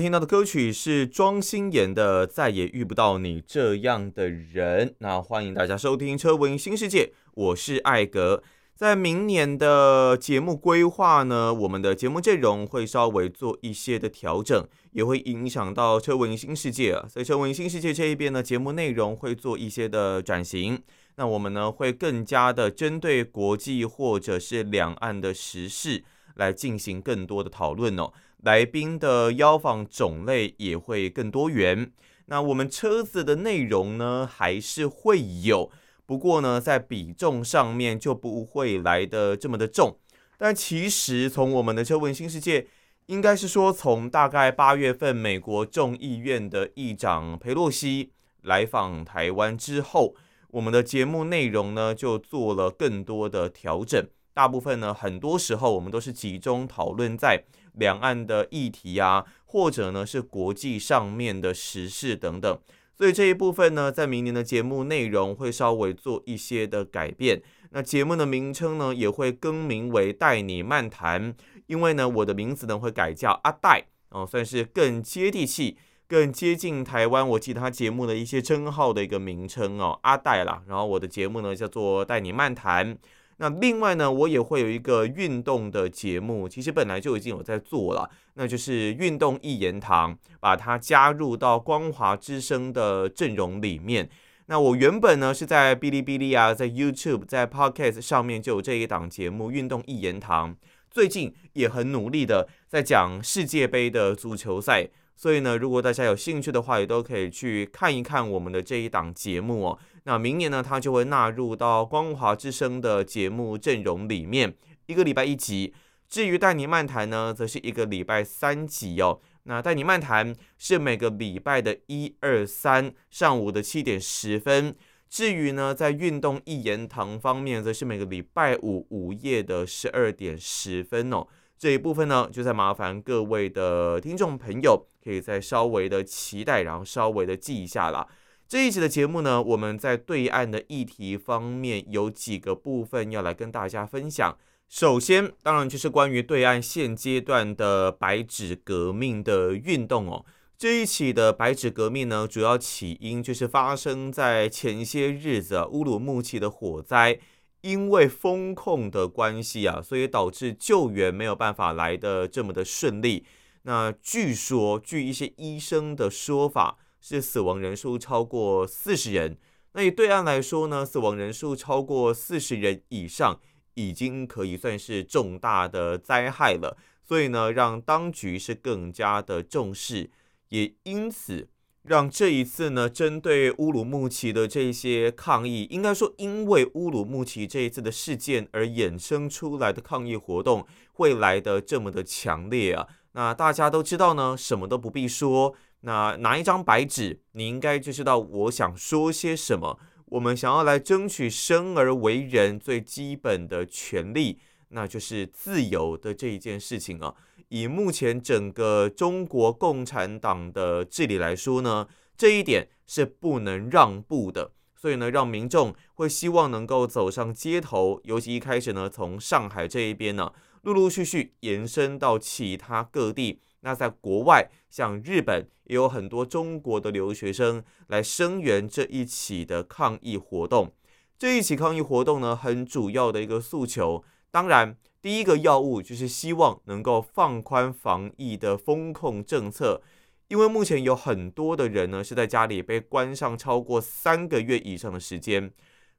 聽到的歌曲是莊心妍的《再也遇不到你這樣的人》。那歡迎大家收聽《車聞新世界》，我是艾格。在明年的節目規劃呢，我們的節目陣容會稍微做一些的調整，也會影響到《車聞新世界》啊。所以，《車聞新世界》這一邊呢，節目內容會做一些的轉型。那我們呢，會更加的針對國際或者是兩岸的時事來進行更多的討論哦。來賓的邀訪種類也會更多元。那我們車子的內容呢，還是會有，不過呢，在比重上面就不會來得這麼的重。但其實從我們的車問新世界應該是說從大概八月份美國眾議院的議長佩洛西來訪台灣之後，我們的節目內容呢，就做了更多的調整。大部分呢，很多時候我們都是集中討論在。兩岸的議題啊，或者呢是國際上面的時事等等，所以這一部分呢，在明年的節目內容會稍微做一些的改變。那節目的名稱呢，也會更名為“帶你漫談”，因為呢，我的名字呢會改叫阿戴哦，算是更接地氣、更接近台灣。我其他節目的一些稱號的一個名稱哦，阿戴啦。然後我的節目呢叫做“帶你漫談”。那另外呢，我也會有一個運動的節目，其實本來就已經有在做了，那就是運動一言堂，把它加入到光華之聲的陣容裡面。那我原本呢是在嗶哩嗶哩啊，在 YouTube，在 Podcast 上面就有這一檔節目《運動一言堂》，最近也很努力的在講世界盃的足球賽。所以呢，如果大家有興趣的話，也都可以去看一看我們的這一檔節目哦。那明年呢，它就會納入到光華之聲的節目陣容裡面，一個禮拜一集。至於帶你漫談呢，則是一個禮拜三集哦。那帶你漫談是每個禮拜的一、二、三上午的七點十分。至於呢，在運動一言堂方面，則是每個禮拜五午夜的十二點十分哦。這一部分呢，就再麻煩各位的聽眾朋友可以再稍微的期待，然後稍微的記一下啦。這一期的節目呢，我們在對岸的議題方面有幾個部分要來跟大家分享。首先，當然就是關於對岸現階段的白紙革命的運動哦。這一期的白紙革命呢，主要起因就是發生在前些日子烏魯木齊的火災。因為封控的關係啊，所以導致救援沒有辦法來得這麼的順利。那據說，據一些醫生的說法，是死亡人數超過四十人。那以對岸來說呢，死亡人數超過四十人以上，已經可以算是重大的災害了。所以呢，讓當局是更加的重視，也因此。讓這一次呢，針對烏魯木齊的這些抗議，應該說，因為烏魯木齊這一次的事件而衍生出來的抗議活動，會來得這麼的強烈啊。那大家都知道呢，什麼都不必說，那拿一張白紙，你應該就知道我想說些什麼。我們想要來爭取生而為人最基本的權利，那就是自由的這一件事情啊。以目前整個中國共產黨的治理來說呢，這一點是不能讓步的。所以呢，讓民眾會希望能夠走上街頭，尤其一開始呢，從上海這一邊呢，陸陸續續延伸到其他各地。那在國外，像日本也有很多中國的留學生來聲援這一起的抗議活動。這一起抗議活動呢，很主要的一個訴求。當然，第一個要務就是希望能夠放寬防疫的封控政策，因為目前有很多的人呢是在家裡被關上超過三個月以上的時間。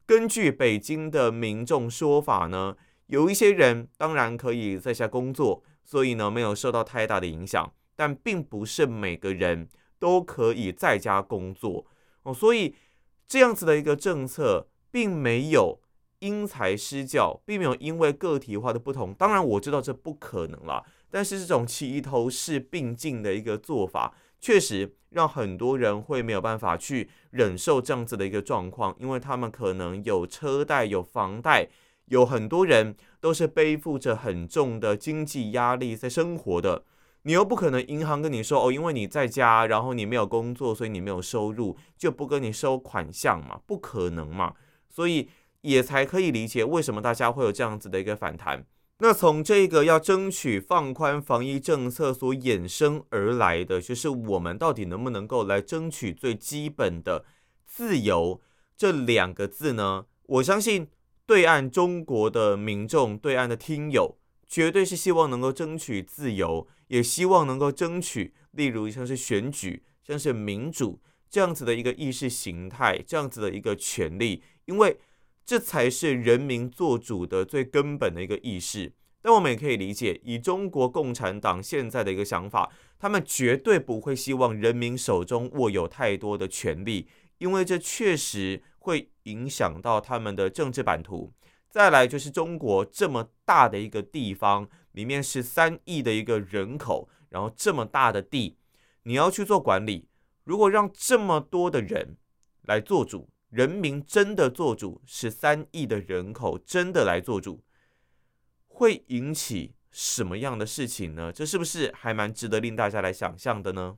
根據北京的民眾說法呢，有一些人當然可以在家工作，所以呢沒有受到太大的影響，但並不是每個人都可以在家工作哦，所以這樣子的一個政策並沒有。因材施教，並沒有因為個體化的不同。當然，我知道這不可能啦。但是，這種齊頭式並進的一個做法，確實讓很多人會沒有辦法去忍受這樣子的一個狀況，因為他們可能有車貸、有房貸，有很多人都是背負着很重的經濟壓力在生活的。你又不可能銀行跟你說：“哦，因為你在家，然後你沒有工作，所以你沒有收入，就不跟你收款項嘛？”不可能嘛？所以。也才可以理解為什麼大家會有這樣子的一個反彈。那從這個要爭取放寬防疫政策所衍生而來的，就是我們到底能不能夠來爭取最基本的自由這兩個字呢？我相信對岸中國的民眾，對岸的聽友，絕對是希望能夠爭取自由，也希望能夠爭取，例如像是選舉、像是民主這樣子的一個意識形態，這樣子的一個權利，因為。這才是人民做主的最根本的一個意識，但我們也可以理解，以中國共產黨現在的一個想法，他們絕對不會希望人民手中握有太多的權力，因為這確實會影響到他們的政治版圖。再來就是中國這麼大的一個地方，裡面是三億的一個人口，然後這麼大的地，你要去做管理，如果讓這麼多的人來做主。人民真的做主，十三億的人口真的來做主，會引起什麼樣的事情呢？這是不是還蠻值得令大家來想象的呢？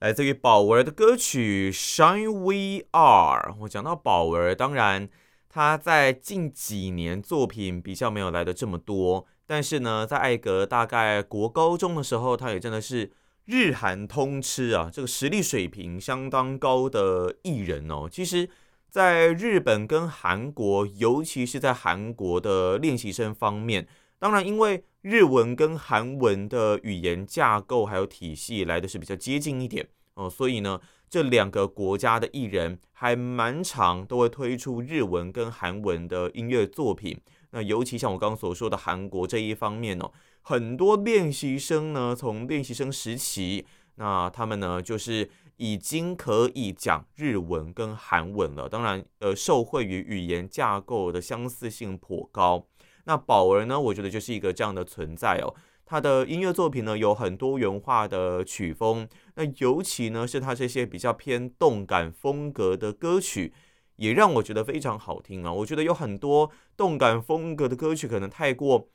來自於寶兒的歌曲《Shine We Are》，我講到寶兒，當然她在近幾年作品比較沒有來得這麼多，但是呢，在艾格大概國高中的時候，她也真的是。日韓通吃啊，這個實力水平相當高的藝人哦。其實，在日本跟韓國，尤其是在韓國的練習生方面，當然因為日文跟韓文的語言架構還有體系來的是比較接近一點哦、呃，所以呢，這兩個國家的藝人還蠻常都會推出日文跟韓文的音樂作品。那尤其像我剛剛所說的韓國這一方面哦。很多練習生呢，從練習生時期，那他們呢就是已經可以講日文跟韓文了。當然，呃，受惠於語言架構的相似性頗高。那寶兒呢，我覺得就是一個這樣的存在哦。他的音樂作品呢有很多元化的曲風，那尤其呢是他這些比較偏動感風格的歌曲，也讓我覺得非常好聽啊。我覺得有很多動感風格的歌曲可能太過。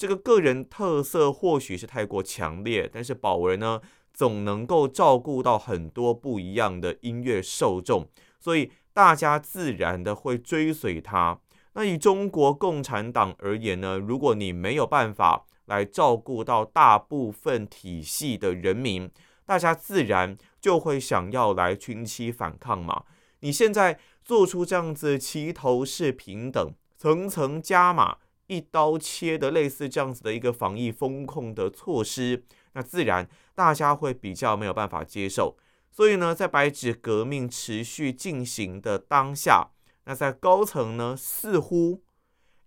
這個個人特色或許是太過強烈，但是寶文呢，總能夠照顧到很多不一樣的音樂受眾，所以大家自然的會追隨他。那以中國共產黨而言呢，如果你沒有辦法來照顧到大部分體系的人民，大家自然就會想要來群起反抗嘛。你現在做出這樣子齊頭式平等，層層加碼。一刀切的類似這樣子的一個防疫封控的措施，那自然大家會比較沒有辦法接受。所以呢，在白紙革命持續進行的當下，那在高層呢，似乎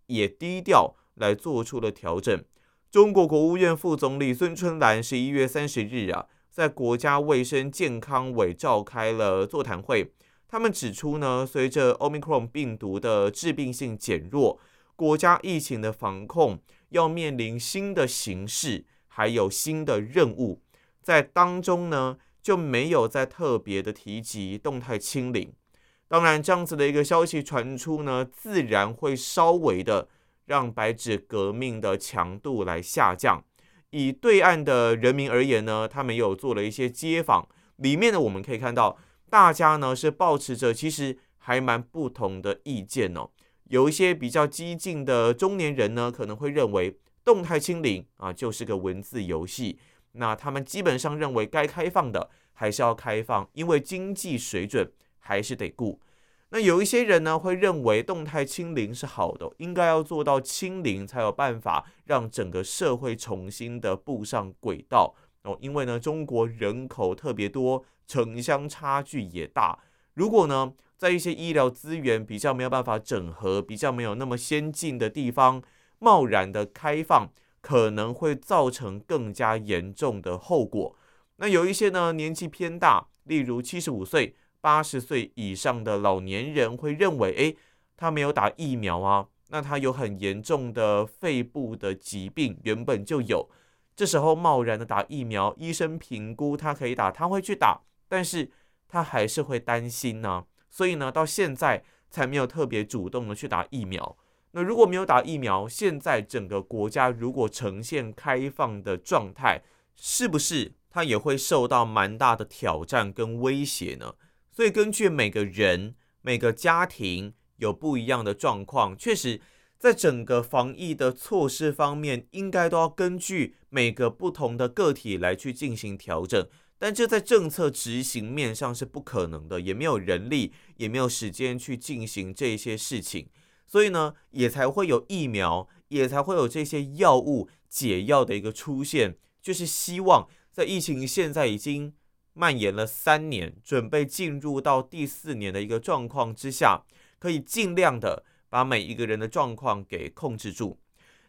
也低調來做出了調整。中國國務院副總理孫春蘭十一月三十日啊，在國家衛生健康委召開了座談會，他們指出呢，隨着奧密克戎病毒的致病性減弱。國家疫情的防控要面臨新的形勢，還有新的任務，在當中呢就沒有再特別的提及動態清零。當然，這樣子的一個消息傳出呢，自然會稍微的讓白紙革命的強度來下降。以對岸的人民而言呢，他們有做了一些街訪，裡面呢我們可以看到，大家呢是抱持著其實還蠻不同的意見哦。有一些比較激進的中年人呢，可能會認為動態清零啊就是個文字遊戲。那他們基本上認為該開放的還是要開放，因為經濟水準還是得顧。那有一些人呢會認為動態清零是好的，應該要做到清零，才有辦法讓整個社會重新的步上軌道。哦，因為呢中國人口特別多，城鄉差距也大，如果呢。在一些醫療資源比較沒有辦法整合，比較沒有那麼先進的地方，貿然的開放可能會造成更加嚴重的後果。那有一些呢，年紀偏大，例如七十五歲、八十歲以上的老年人，會認為，哎，他沒有打疫苗啊，那他有很嚴重的肺部的疾病，原本就有，這時候貿然的打疫苗，醫生評估他可以打，他會去打，但是他還是會擔心呢、啊。所以呢，到現在才沒有特別主動的去打疫苗。那如果沒有打疫苗，現在整個國家如果呈現開放的狀態，是不是它也會受到蠻大的挑戰跟威脅呢？所以根據每個人、每個家庭有不一樣的狀況，確實在整個防疫的措施方面，應該都要根據每個不同的個體來去進行調整。但這在政策執行面上是不可能的，也沒有人力，也沒有時間去進行這些事情，所以呢，也才會有疫苗，也才會有這些藥物解藥的一個出現，就是希望在疫情現在已經蔓延了三年，準備進入到第四年的一個狀況之下，可以儘量的把每一個人的狀況給控制住。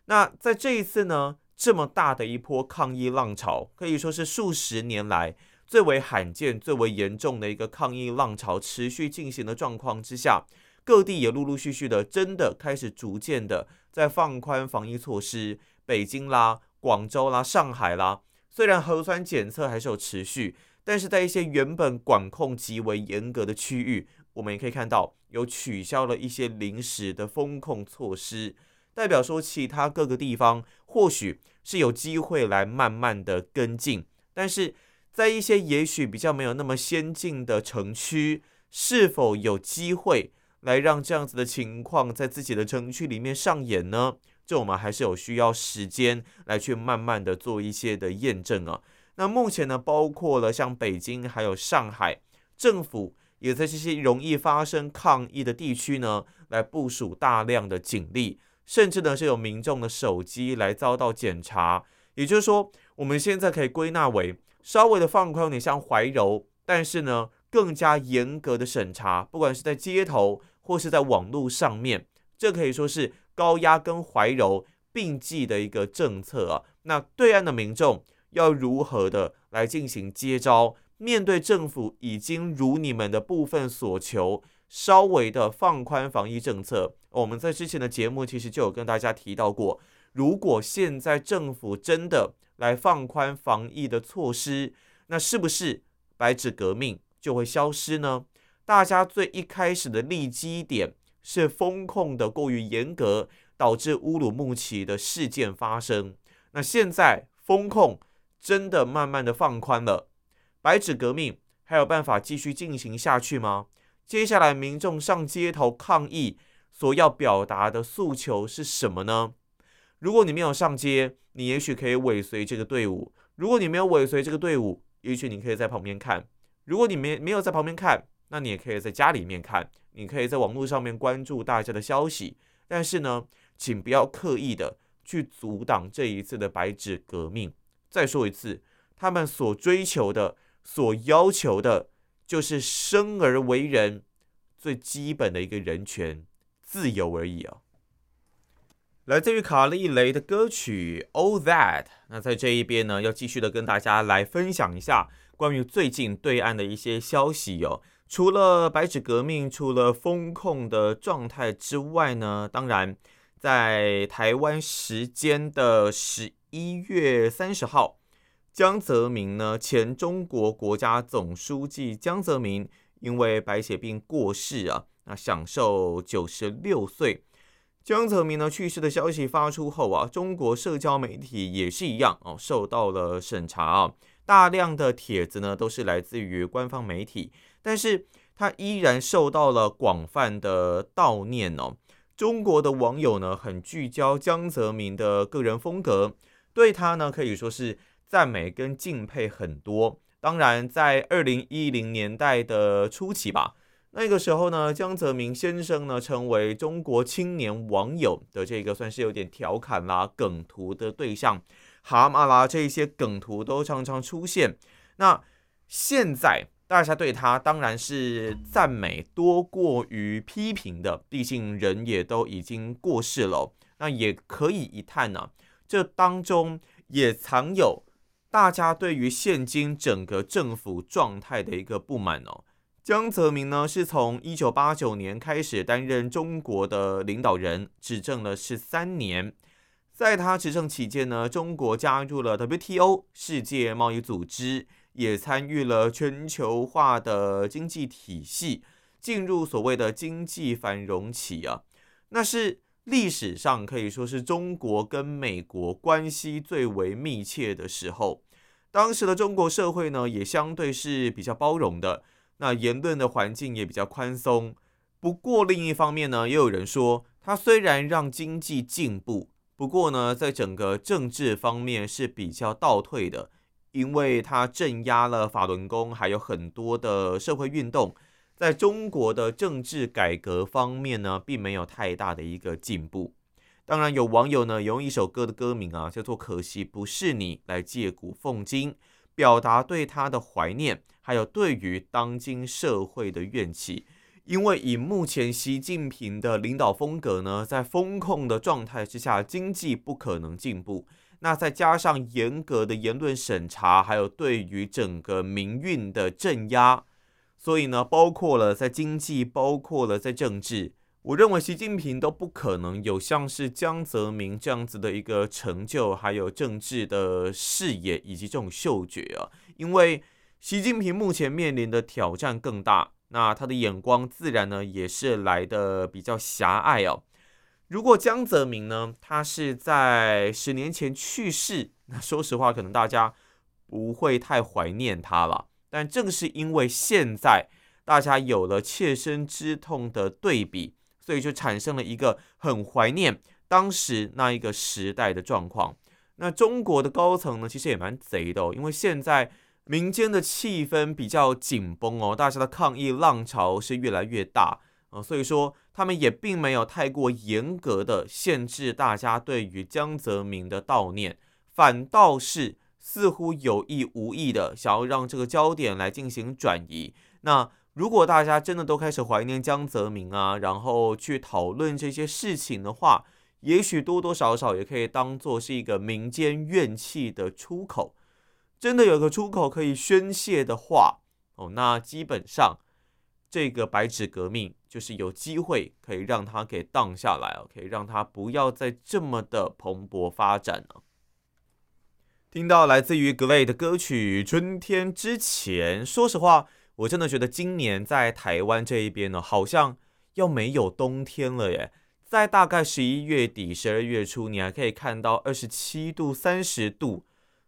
那在這一次呢，這麼大的一波抗議浪潮，可以說是數十年來最為罕見、最為嚴重的一個抗議浪潮持續進行的狀況之下，各地也陸陸續續的真的開始逐漸的在放寬防疫措施。北京啦、廣州啦、上海啦，雖然核酸檢測還是有持續，但是在一些原本管控極為嚴格的區域，我們也可以看到有取消了一些臨時的封控措施。代表說，其他各個地方或許，是有機會來慢慢的跟進，但是在一些也許比較沒有那麼先進的城區，是否有機會來讓這樣子的情況在自己的城區裡面上演呢？就我們還是有需要時間來去慢慢的做一些的驗證啊。那目前呢，包括了像北京還有上海，政府也在這些容易發生抗議的地區呢，來部署大量的警力。甚至呢是有民眾的手機來遭到檢查，也就是說，我們現在可以歸納為稍微的放寬，有點像懷柔，但是呢更加嚴格的審查，不管是在街頭或是在網路上面，這可以說是高壓跟懷柔並濟的一個政策啊。那對岸的民眾要如何的來進行接招？面對政府已經如你們的部分所求。稍微的放寬防疫政策、哦，我們在之前的節目其實就有跟大家提到過，如果現在政府真的來放寬防疫的措施，那是不是白紙革命就會消失呢？大家最一開始的立基點是封控的過於嚴格導致烏魯木齊的事件發生，那現在封控真的慢慢的放寬了，白紙革命還有辦法繼續進行下去嗎？接下來，民眾上街頭抗議所要表達的訴求是什麼呢？如果你沒有上街，你也許可以尾隨這個隊伍；如果你沒有尾隨這個隊伍，也許你可以在旁邊看；如果你沒沒有在旁邊看，那你也可以在家裡面看，你可以在網絡上面關注大家的消息。但是呢，請不要刻意的去阻擋這一次的白紙革命。再說一次，他們所追求的、所要求的。就是生而為人最基本的一個人權自由而已哦。來自於卡莉蕾的歌曲《All That》。那在這一邊呢，要繼續的跟大家來分享一下關於最近對岸的一些消息喲、哦。除了白紙革命，除了封控的狀態之外呢，當然在台灣時間的十一月三十號。江澤民呢，前中國國家總書記江澤民因為白血病過世啊，那享壽九十六歲。江澤民呢去世的消息發出後啊，中國社交媒體也是一樣哦，受到了審查啊。大量的帖子呢都是來自於官方媒體，但是他依然受到了廣泛的悼念哦。中國的網友呢很聚焦江澤民的個人風格，對他呢可以說是。讚美跟敬佩很多，當然在二零一零年代的初期吧，那個時候呢，江澤民先生呢成為中國青年網友的這個算是有點調侃啦、梗圖的對象，蛤蟆啦這些梗圖都常常出現。那現在大家對他當然是讚美多過於批評的，畢竟人也都已經過世了，那也可以一探呢、啊，這當中也藏有。大家對於現今整個政府狀態的一個不滿哦。江澤民呢是從一九八九年開始擔任中國的領導人，執政了十三年。在他執政期間呢，中國加入了 WTO，世界貿易組織，也參與了全球化的經濟體系，進入所謂的經濟繁榮期啊。那是歷史上可以說是中國跟美國關係最為密切的時候。當時的中國社會呢，也相對是比較包容的，那言論的環境也比較寬鬆。不過另一方面呢，也有人說，它雖然讓經濟進步，不過呢，在整個政治方面是比較倒退的，因為它鎮壓了法輪功，還有很多的社會運動，在中國的政治改革方面呢，並沒有太大的一個進步。當然，有網友呢也用一首歌的歌名啊，叫做《可惜不是你》來借古諷今，表達對他的懷念，還有對於當今社會的怨氣。因為以目前習近平的領導風格呢，在封控的狀態之下，經濟不可能進步。那再加上嚴格的言論審查，還有對於整個民運的鎮壓，所以呢，包括了在經濟，包括了在政治。我認為習近平都不可能有像是江澤民這樣子的一個成就，還有政治的視野以及這種嗅覺啊。因為習近平目前面臨的挑戰更大，那他的眼光自然呢也是來的比較狹隘啊。如果江澤民呢，他是在十年前去世，那說實話，可能大家不會太懷念他了。但正是因為現在大家有了切身之痛的對比。所以就產生了一個很懷念當時那一個時代的狀況。那中國的高層呢，其實也蠻賊的哦，因為現在民間的氣氛比較緊繃哦，大家的抗議浪潮是越來越大啊，呃，所以說他們也並沒有太過嚴格的限制大家對於江澤民的悼念，反倒是似乎有意無意的想要讓這個焦點來進行轉移。那如果大家真的都開始懷念江澤民啊，然後去討論這些事情的話，也許多多少少也可以當做是一個民間怨氣的出口。真的有個出口可以宣洩的話，哦，那基本上這個白紙革命就是有機會可以讓它給盪下來哦，可以讓它不要再這麼的蓬勃發展了啊。聽到來自於 Glay 的歌曲《春天之前》，說實話。我真的覺得今年在台灣這一邊呢，好像要沒有冬天了耶！在大概十一月底、十二月初，你還可以看到二十七度、三十度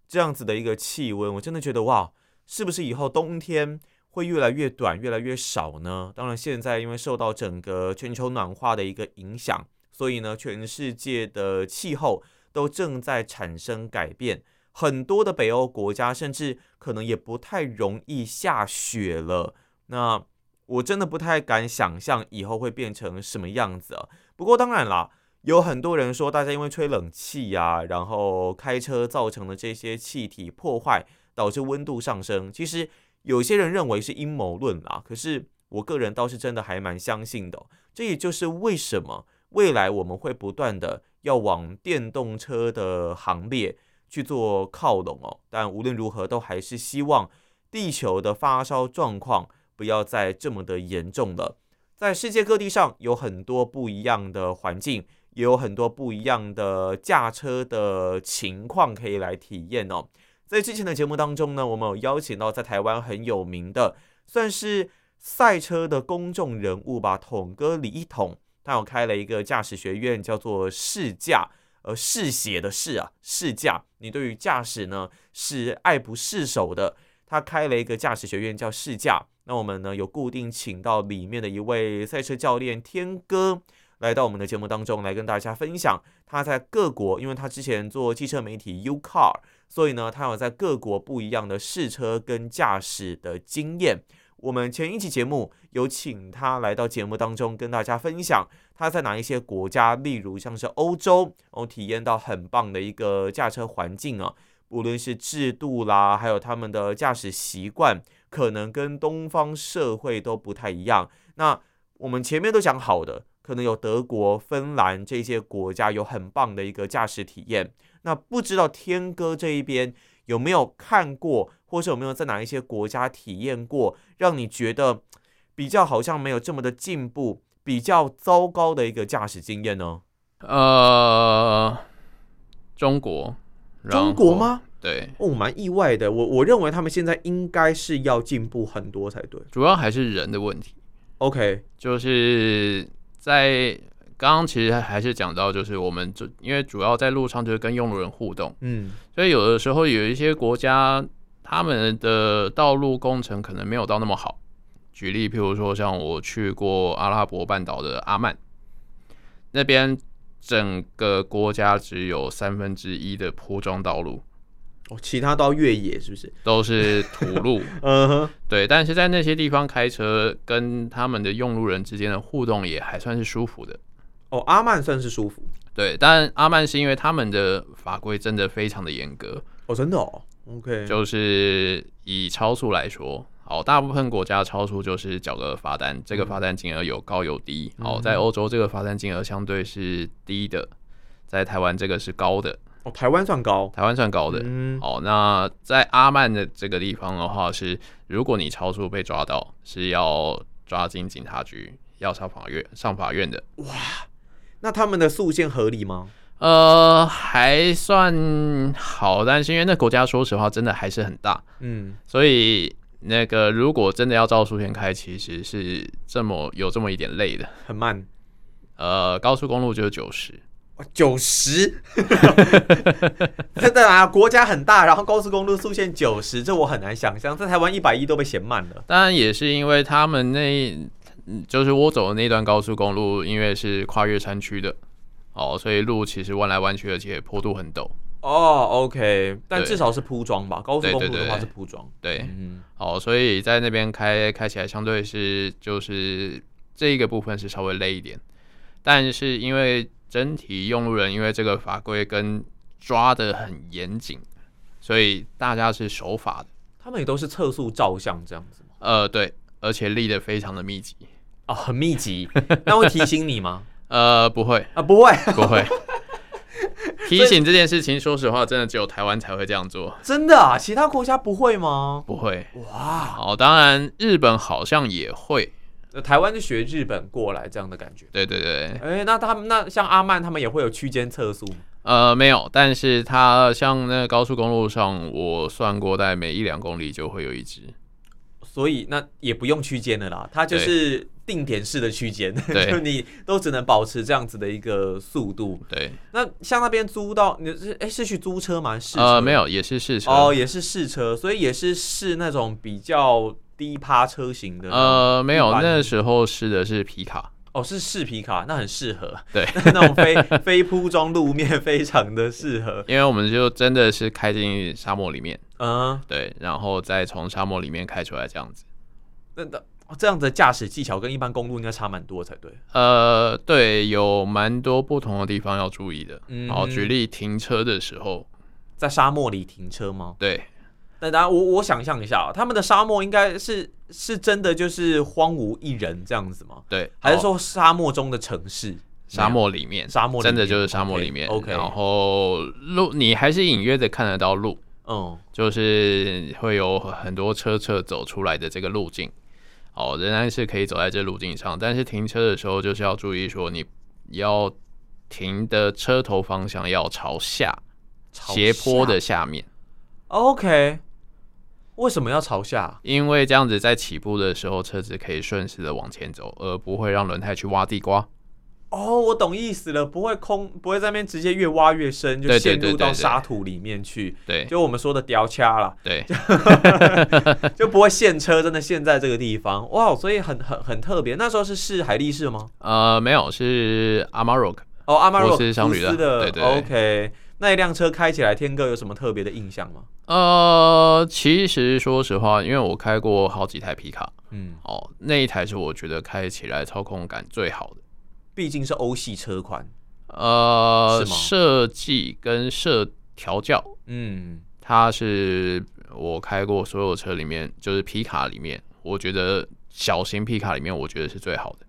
這樣子的一個氣溫。我真的覺得，哇，是不是以後冬天會越來越短、越來越少呢？當然，現在因為受到整個全球暖化的一個影響，所以呢，全世界的氣候都正在產生改變。很多的北歐國家甚至可能也不太容易下雪了。那我真的不太敢想象以後會變成什麼樣子啊！不過當然啦，有很多人說大家因為吹冷氣呀、啊，然後開車造成的這些氣體破壞，導致溫度上升。其實有些人認為是陰謀論啦，可是我個人倒是真的還蠻相信的。這也就是為什麼未來我們會不斷的要往電動車的行列。去做靠攏哦，但無論如何，都還是希望地球的發燒狀況不要再這麼的嚴重了。在世界各地上有很多不一樣的環境，也有很多不一樣的駕車的情況可以來體驗哦。在之前的節目當中呢，我們有邀請到在台灣很有名的，算是賽車的公眾人物吧，統哥李一統，他有開了一個駕駛學院，叫做嗜駕。呃嗜血的嗜啊，嗜駕，你對於駕駛呢是愛不釋手的。他開了一個駕駛學院叫嗜駕，那我們呢有固定請到裡面的一位賽車教練天哥，來到我們的節目當中來跟大家分享他在各國，因為他之前做汽車媒體 U Car，所以呢他有在各國不一樣的試車跟駕駛的經驗。我們前一期節目有請他來到節目當中，跟大家分享他在哪一些國家，例如像是歐洲，然後體驗到很棒的一個駕車環境啊，無論是制度啦，還有他們的駕駛習慣，可能跟東方社會都不太一樣。那我們前面都講好的，可能有德國、芬蘭這些國家有很棒的一個駕駛體驗。那不知道天哥這一邊。有沒有看過，或者有沒有在哪一些國家體驗過，讓你覺得比較好像沒有這麼的進步，比較糟糕的一個駕駛經驗呢？呃，中國，中國嗎？對，哦，我蠻意外的，我我認為他們現在應該是要進步很多才對，主要還是人的問題。OK，就是在。剛剛其實還是講到，就是我們這，因為主要在路上就是跟用路人互動，嗯，所以有的時候有一些國家他們的道路工程可能沒有到那麼好。舉例，譬如說像我去過阿拉伯半島的阿曼，那邊整個國家只有三分之一的鋪裝道路，哦，其他到越野是不是？都是土路， 嗯哼。對。但是在那些地方開車，跟他們的用路人之間的互動也還算是舒服的。哦，阿曼算是舒服，對，但阿曼是因為他們的法規真的非常的嚴格，哦，真的哦，OK，就是以超速來說，哦，大部分國家超速就是繳個罰單，這個罰單金額有高有低，哦、嗯，在歐洲這個罰單金額相對是低的，在台灣這個是高的，哦，台灣算高，台灣算高的，嗯，哦，那在阿曼的這個地方的話是，是如果你超速被抓到，是要抓進警察局，要上法院，上法院的，哇。那他們的速限合理嗎？呃，還算好，但是因為那國家說實話真的還是很大，嗯，所以那個如果真的要照速限開，其實是這麼有這麼一點累的，很慢。呃，高速公路就是九十，九十？真的啊？國家很大，然後高速公路速限九十，這我很難想象，在台灣一百一都被嫌慢了。當然也是因為他們那。嗯，就是我走的那段高速公路，因為是跨越山區的，哦，所以路其實彎來彎去，而且坡度很陡。哦，oh，OK，但至少是鋪裝吧？對高速公路的話是鋪裝。對，嗯哼，好，所以在那邊開開起來，相對是就是這一個部分是稍微累一點，但是因為整體用路人因為這個法規跟抓得很嚴謹，所以大家是守法的。他們也都是測速照相這樣子嗎？呃，對，而且立得非常的密集。哦，很密集，那會提醒你嗎？ 呃，不會啊，不會，不會。 以提醒這件事情，說實話，真的只有台灣才會這樣做。真的啊，其他國家不會嗎不會。哇。好，當然，日本好像也會。台灣是學日本過來這樣的感覺。對對對。誒、欸，那他們那像阿曼，他們也會有區間測速嗎？呃，沒有，但是他像那個高速公路上，我算過，在每一兩公里就會有一只。所以那也不用區間了啦，它就是定點式的區間，對 就你都只能保持這樣子的一個速度。對，那像那邊租到你是哎、欸、是去租車嗎？試車、呃、沒有，也是試車。哦，也是試車，所以也是試那種比較低趴車型的。呃，沒有，那時候試的是皮卡。哦，是視皮卡，那很適合，對。 那種非 非鋪裝路面非常的適合，因為我們就真的是開進沙漠裡面，嗯，對，然後再從沙漠裡面開出來這樣子，那的、嗯嗯哦、這樣的駕駛技巧跟一般公路應該差蠻多才對，呃，對，有蠻多不同的地方要注意的，嗯哼，好，舉例停車的時候，在沙漠裡停車嗎？對。那當然，我我想象一下，他們的沙漠應該是是真的，就是荒無一人這樣子嗎？對，還是說沙漠中的城市？麼沙漠裡面，沙漠真的就是沙漠裡面。Okay, OK。然後路，你還是隱約的看得到路，嗯，就是會有很多車車走出來的這個路徑。哦，仍然是可以走在這路徑上，但是停車的時候就是要注意說，你要停的車頭方向要朝下，朝下，斜坡的下面。OK。為什麼要朝下？因為這樣子在起步的時候，車子可以順勢的往前走，而不會讓輪胎去挖地瓜。哦，我懂意思了，不會空，不會在那邊直接越挖越深，就陷入到沙土裡面去。對，對，對，對，對就我們說的掉掐了。對，就， 就不會陷車，真的陷在這個地方。哇、wow，所以很很很特別。那時候是是海力士嗎？呃，沒有，是 Amarok。哦，Amarok。我是商旅的。對，對對。OK，那一輛車開起來，天哥有什麼特別的印象嗎？呃，其實說實話，因為我開過好幾台皮卡，嗯，哦，那一台是我覺得開起來操控感最好的，畢竟是歐系車款，呃，設計，是嗎？跟設調教，嗯，它是我開過所有車裡面，就是皮卡裡面，我覺得小型皮卡裡面，我覺得是最好的。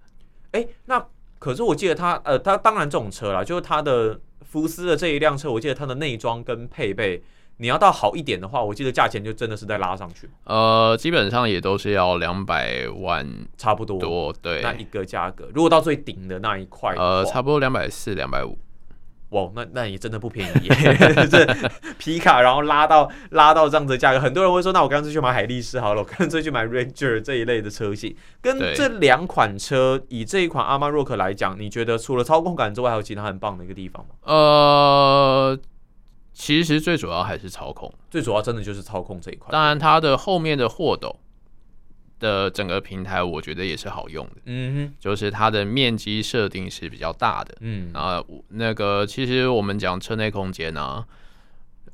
哎、欸，那可是我記得它，呃，它當然這種車啦，就是它的福斯的這一輛車，我記得它的內裝跟配備。你要到好一點的話，我記得價錢就真的是在拉上去。呃，基本上也都是要兩百萬差不多對，那一個價格。如果到最頂的那一塊，呃，差不多兩百四、兩百五。哇，那那也真的不便宜耶。 皮卡然後拉到拉到這樣子的價格，很多人會說，那我乾脆去買海力士好了，我乾脆去買 Ranger 這一類的車型。跟這兩款車，以這一款阿瑪洛克來講，你覺得除了操控感之外，還有其他很棒的一個地方嗎？呃。其實最主要還是操控，最主要真的就是操控這一塊。當然，它的後面的貨斗的整個平台，我覺得也是好用的。嗯哼，就是它的面積設定是比較大的。嗯，啊，那個其實我們講車內空間呢、啊，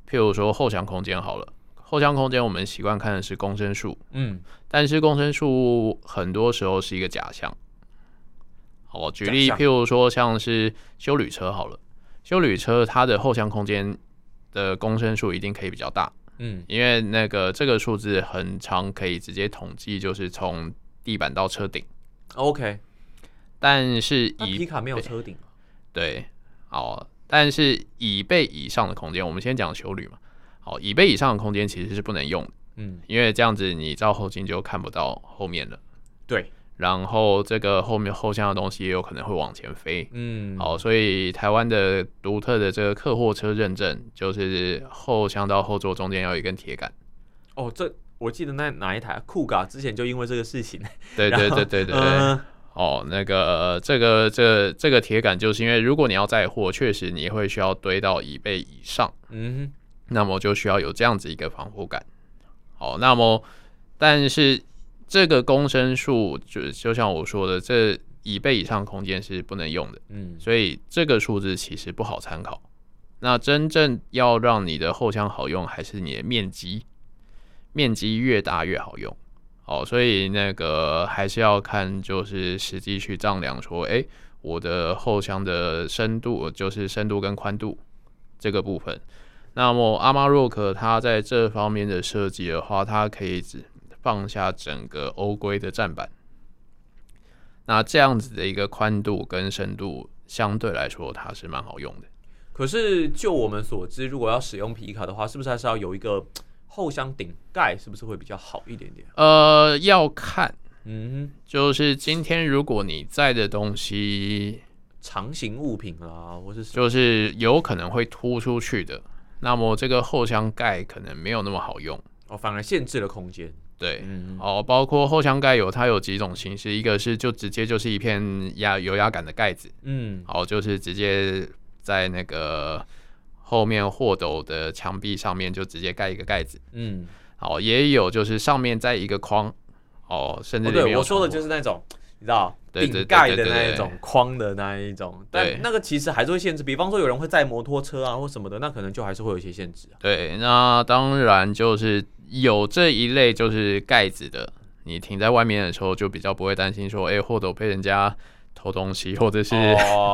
譬如說後廂空間好了，後廂空間我們習慣看的是公升數。嗯，但是公升數很多時候是一個假象。好，好，舉例假象，譬如說像是休旅車好了，休旅車它的後廂空間的公升數一定可以比較大，嗯，因為那個這個數字很長，可以直接統計，就是從地板到車頂，OK。但是以皮卡沒有車頂、啊，對，哦，但是椅背以上的空間，我們先講休旅嘛，好，椅背以上的空間其實是不能用的，嗯，因為這樣子你照後鏡就看不到後面了，對。然後這個後面後箱的東西也有可能會往前飛，嗯，好，所以台灣的獨特的這個客貨車認證，就是後箱到後座中間要有一根鐵桿。哦，這我記得那哪一台啊，酷嘎之前就因為這個事情，對對對對對對，後嗯、哦，那個、呃、這個這這個鐵桿、這個、就是因為如果你要載貨，確實你會需要堆到椅背以上，嗯哼，那麼就需要有這樣子一個防護桿。好，那麼但是。這個公升數就就像我說的，這一倍以上空間是不能用的，嗯，所以這個數字其實不好參考。那真正要讓你的後箱好用，還是你的面積，面積越大越好用。好，所以那個還是要看，就是實際去丈量，說，哎，我的後箱的深度，就是深度跟寬度這個部分。那麼阿瑪洛克它在這方面的設計的話，它可以，放下整個歐規的站板，那這樣子的一個寬度跟深度相對來說，它是蠻好用的。可是就我們所知，如果要使用皮卡的話，是不是還是要有一個後箱頂蓋？是不是會比較好一點點？呃，要看，嗯哼，就是今天如果你載的東西長形物品啦，或是就是有可能會凸出去的，那麼這個後箱蓋可能沒有那麼好用，哦，反而限制了空間。對，嗯、哦，包括後箱蓋有，它有幾種形式，一個是就直接就是一片壓，有壓感的蓋子，嗯、哦，就是直接在那個後面貨斗的牆壁上面就直接蓋一個蓋子，嗯，好、哦，也有就是上面在一個框，哦，甚至、哦、對，我說的就是那種，你知道。頂蓋的那一種，框的那一種，但那個其實還是會限制，比方說有人會載摩托車啊或什麼的，那可能就還是會有一些限制、啊、對，那當然就是有這一類，就是蓋子的，你停在外面的時候就比較不會擔心說，哎、欸，或者被人家。偷東西或者是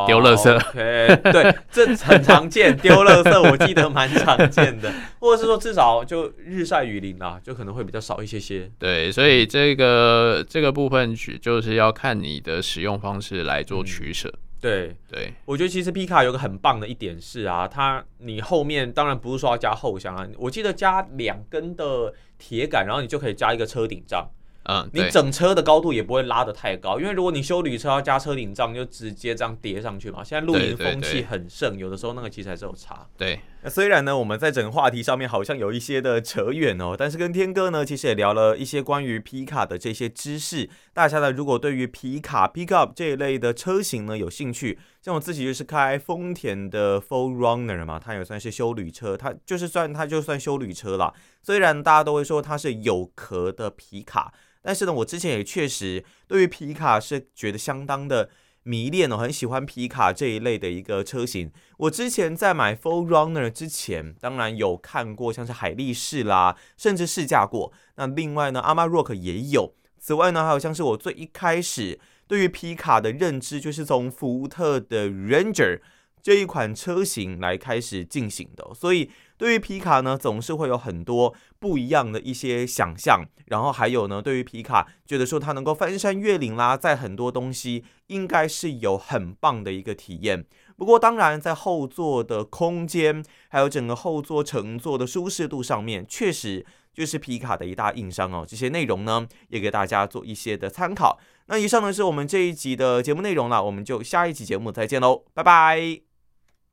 丟垃圾，oh, okay, 對，這很常見。丟 垃圾我記得蠻常見的， 或者是說至少就日曬雨淋啊，就可能會比較少一些些。對，所以這個這個部分取，就是要看你的使用方式來做取舍、嗯。對對，我覺得其實皮卡有個很棒的一點是啊，它你後面當然不是說要加後箱啊，我記得加兩根的鐵杆，然後你就可以加一個車頂帳。嗯，你整車的高度也不會拉得太高，因為如果你休旅車要加車頂帳篷，你就直接這樣疊上去嘛。現在露營風氣很盛，對對對，有的時候那個器材是有差。對。那雖然呢，我們在整個話題上面好像有一些的扯遠哦，但是跟天哥呢，其實也聊了一些關於皮卡的這些知識。大家呢，如果對於皮卡、pickup 這一類的車型呢有興趣，像我自己就是開豐田的 4Runner 嘛，它也算是休旅車，它就是算它就算休旅車啦。雖然大家都會說它是有殼的皮卡，但是呢，我之前也確實對於皮卡是覺得相當的。迷戀哦，很喜歡皮卡這一類的一個車型。我之前在買 Full Runner 之前，當然有看過像是海力士啦，甚至試駕過。那另外呢，Amarok 也有。此外呢，還有像是我最一開始對於皮卡的認知，就是從福特的 Ranger 這一款車型來開始進行的。所以。對於皮卡呢，總是會有很多不一樣的一些想象，然後還有呢，對於皮卡覺得說它能夠翻山越嶺啦，在很多東西應該是有很棒的一個體驗。不過當然，在後座的空間還有整個後座乘坐的舒適度上面，確實就是皮卡的一大硬傷哦。這些內容呢，也給大家做一些的參考。那以上呢是我們這一集的節目內容了，我們就下一期節目再見嘍，拜拜。